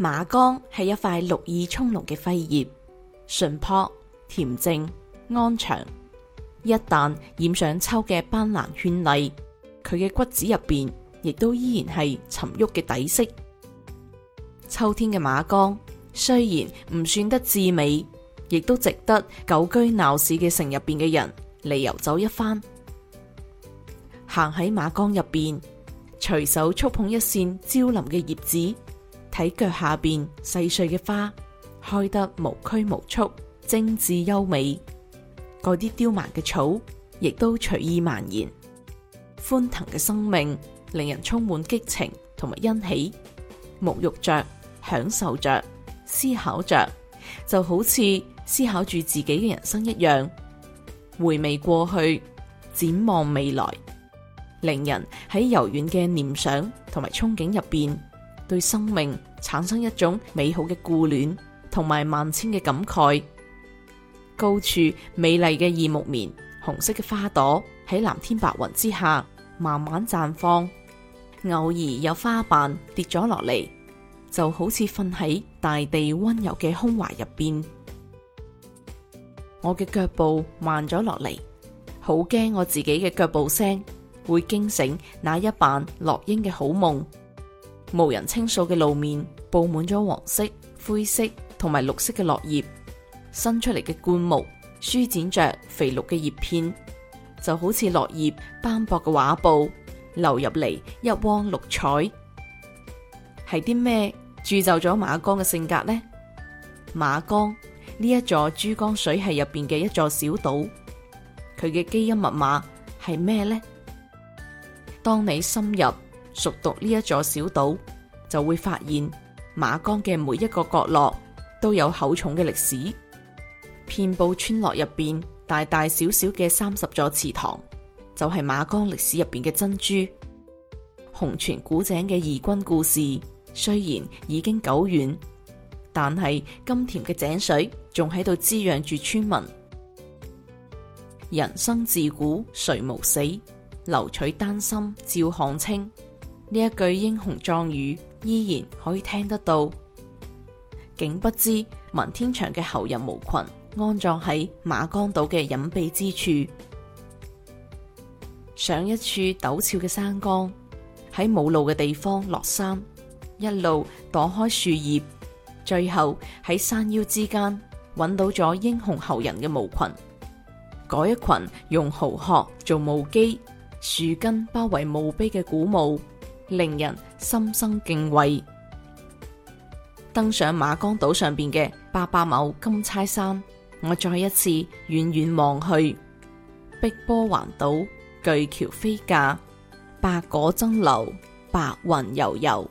馬崗係一塊綠意葱茏嘅肺葉，純朴、恬靜、安詳。一旦染上秋嘅斑斕絢麗，佢嘅骨子入邊亦都依然係沉鬱嘅底色。秋天嘅馬崗雖然唔算得至美，亦都值得久居鬧市嘅城入邊嘅人嚟遊走一番。行喺馬崗入邊，隨手觸碰一扇蕉林嘅葉子。喺腳下邊細碎嘅花開得無拘無束，精致優美；嗰啲刁蠻嘅草亦都隨意蔓延。歡騰嘅生命令人充滿激情同埋欣喜，沐浴着、享受着、思考着，就好似思考住自己嘅人生一樣，回味過去，展望未來，令人喺悠遠嘅念想同埋憧憬入邊，對生命，產生一種美好嘅顧戀，同埋萬千嘅感慨。高處美麗嘅異木棉，紅色嘅花朵喺藍天白雲之下慢慢綻放，偶爾有花瓣跌咗落嚟，就好似瞓喺大地温柔嘅胸懷入邊。我嘅腳步慢咗落嚟，好驚我自己嘅腳步聲會驚醒那一瓣落英嘅好夢。無人清掃嘅路面，布滿咗黃色、灰色同埋綠色嘅落葉。伸出嚟嘅灌木舒展着肥綠嘅葉片，就好似落葉斑駁嘅畫布，流入嚟一汪綠彩。係啲咩鑄就咗馬崗嘅性格呢？馬崗呢一座珠江水系入邊嘅一座小島，佢嘅基因密碼係咩呢？當你深入。熟讀呢一座小島，就會發現馬崗嘅每一個角落都有厚重嘅歷史。遍佈村落入邊大大小小嘅三十座祠堂，就係、是、馬崗歷史入邊嘅珍珠。紅泉古井嘅義軍故事雖然已經久遠，但係甘甜嘅井水仲喺度滋養住村民。人生自古誰無死，留取丹心照汗青。呢一句英雄壯語依然可以聽得到，竟不知文天祥嘅後人墓群安葬喺馬崗島嘅隱秘之處。上一處陡峭嘅山崗，喺冇路嘅地方落山，一路躲開樹葉，最後喺山腰之間揾到咗英雄後人嘅墓群。嗰一群用蠔殼做墓基、樹根包圍墓碑嘅古墓。令人心生敬畏。登上馬崗島上邊嘅八百畝金釵山，我再一次遠遠望去，碧波環島，巨橋飛架，百舸爭流，白雲悠悠。